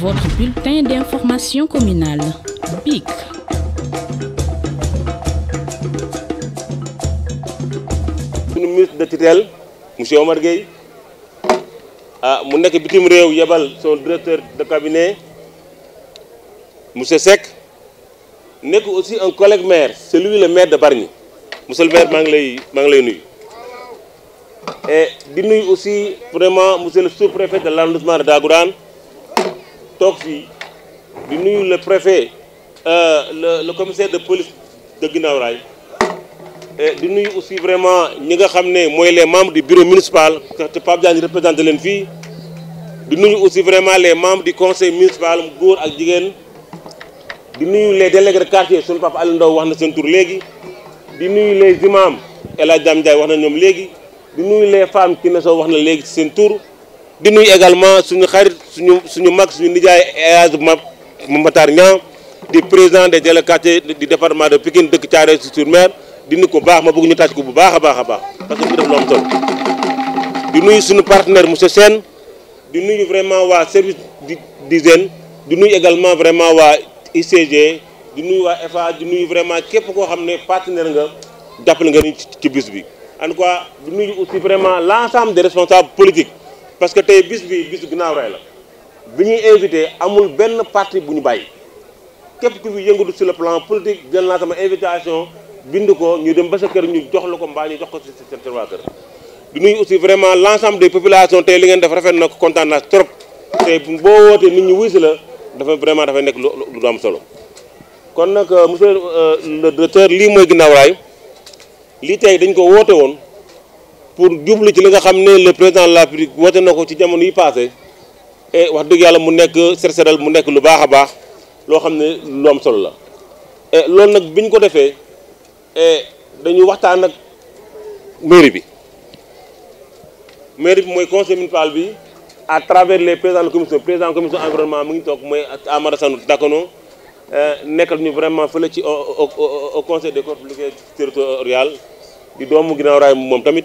Votre bulletin d'information communale, BIC. Le ministre de Titel, M. Omar Gueye, ah, mu nekk bitim son directeur de cabinet monsieur Seck nekk aussi un collègue maire celui le maire de Barni, monsieur le maire Manglay ngi et di nuyu aussi vraiment monsieur le sous-préfet de l'arrondissement de Dagouran toog fii di nuyu le préfet euh, le le commissaire de police de Guinaw et di aussi vraiment nous nga xam les membres du bureau municipal te Pape Diagne représenté leen fii di nuyu aussi vraiment les membres du conseil municipal mu góor ak di les délégués de quartier suñu papa Aliou Ndao wax na seen di nuyu les imams et la Dame Ndiaye wax na di nuyu les femmes ki ne soo wax na ci di nuyu également suñu xarit suñu suñu mag suñu nijaay Elhadj Matar Niang di président des délégués du département de Pikine dëkk Thiaroye-sur-Mer di nuyu ko baax ma bëgg ñu tàcc ko bu baax a baax a baax parce que mu def lu am solo di nuyu suñu partenaire monsieur Sen di nuyu vraiment waa service d'hygiène di nuyu également vraiment waa ICG di nuyu waa FA di nuyu vraiment képp koo xam ne partenaire nga jàppale nga ci bis bi en tout cas di nuyu aussi vraiment l'ensemble des responsables politiques parce que tey bis bi bisu ginnaaw raay la bi ñuy invité amul benn parti bu ñu bàyyi képp ku fi yëngatu si le plan politique jël naa sama invitation bind ko ñu dem ba sa kër ñu jox la ko mbaa ñu jox ko si seen waa kër. du nuyu vraiment l' ensemble des populations tey li ngeen def rafet na ko kontaan naa trop tey boo wootee nit ñu wuy si la dafa vraiment dafa nekk lu am solo kon nag euh, monsieur euh, le directeur lii mooy ginnaaw raay lii tey dañ ko woote woon. pour jublu ci li nga xamné le président de la République woote na ci jamono yi passé et wax dëgg yalla mu nekk serseral mu nekk lu baax a baax loo xam lu am solo la et lool nak biñ ko défé defee dañu waxtaan nak mairie bi mairie bi mooy conseil municipal bi à travers les présidents de commission président de commission environnement mu ngi tok moy Amara Sanout Dakono euh, nekkal ñu vraiment fële ci au conseil des collectivités territorial di doomu ginaaw raay moom tamit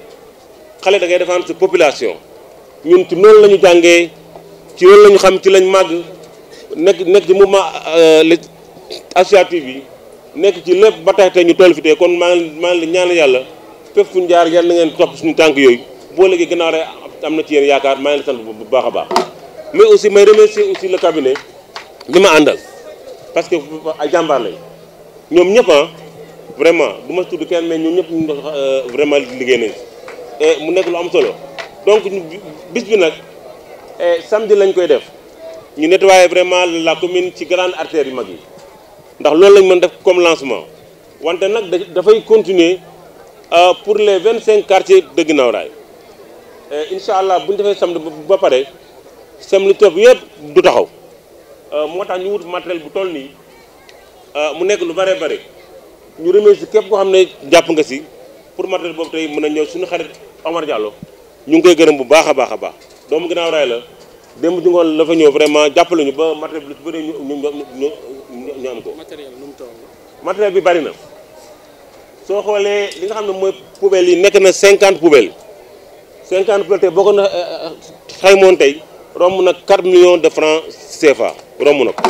xale da ngay défendre sa population ñun ci noonu lañu ñu jàngee ci loolu lañu ñu xam ci lañ màgg nekk nekk ci mouvement euh, associatif yi nekk ci lépp ba tax tey ñu toll fi tey kon maa ngi maa ngi ñaan yàlla fépp fu ñu jaar yàlla na ngeen suñu tànk yooyu boo léegi gannaaw rek am na ci yéen yaakaar maa ngi la sant bu baax a baax mais aussi may remercier aussi le cabinet bi ma àndal parce que ay jàmbaar lañ ñoom ñëpp ah vraiment du ma tudd kenn mais ñoom ñëpp ñu euh, vraiment liggéey nañ Eh, mu nekk lu am solo donc bis bi nag eh, samedi lañ koy def ñu nettoyer vraiment la commune ci grande artère yu mag yi ndax loolu lañ mën def comme lancement wante nag dafay continuer euh, pour les 25 quartiers de Guinaw Rail eh, incha allah bu ñu defee samedi ba pare samedi topp yëpp du taxaw euh, moo tax ñu wut matériel bu toll nii euh, mu nekk lu bare bare ñu remercier képp koo xam ne jàpp nga si pour matériel boobu tey mën a ñëw suñu xarit. Omar Diallo ñu ngi koy gërëm bu baax a baax a baax doomu ginnaaw raay la démb ci ngoon la fa ñëw vraiment jàppale ñu ba matériel bi lu ci bëri ñu ñu ñu am ko. matériel nu mu toll. matériel bi bari na soo xoolee li nga xam ne mooy poubelle yi nekk na cinquante poubelles cinquante poubelles tey boo ko euh, euh, xaymoon tey romb na 4 millions de francs CFA romb na ko.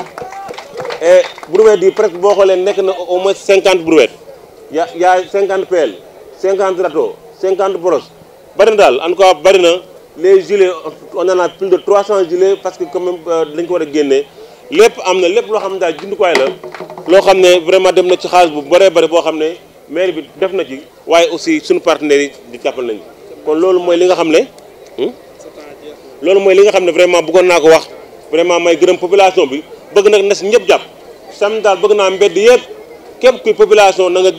et brouette yi presque boo xoolee nekk na au moins cinquante brouettes ya yaa cinquante pelle cinquante râteau cinquante brosse. en les gilets on en a plus de 300 gilets parce que quand même euh, ko wara a lepp vraiment am lo ne la vraiment dem na ci bu aussi suñu partenaire. di Ils nañu kon moy li nga ne moy hmm? li nga vraiment vraiment may population bi bëgg nak nes ñëpp sam dal bëgg population na nga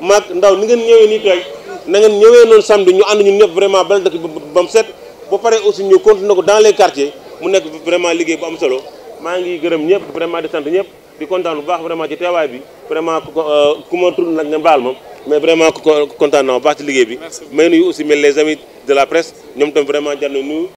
maag ndaw ni ngeen ñëwee nii tey na ngeen ñëwee noonu samedi ñu ànd ñun ñëpp vraiment bal dëkk ba mu set ba pare aussi ñu continuer ko dans les quartiers mu nekk vraiment liggéey bu am solo maa ngi gërëm ñëpp vraiment di sant ñëpp di kontaan bu baax vraiment ci teewaay bi vraiment ku euh, ma tudd nag nga baal ma mais vraiment kontaan naa bu baax ci liggéey bi may nuyu aussi mel les de la presse ñoom tam vraiment jar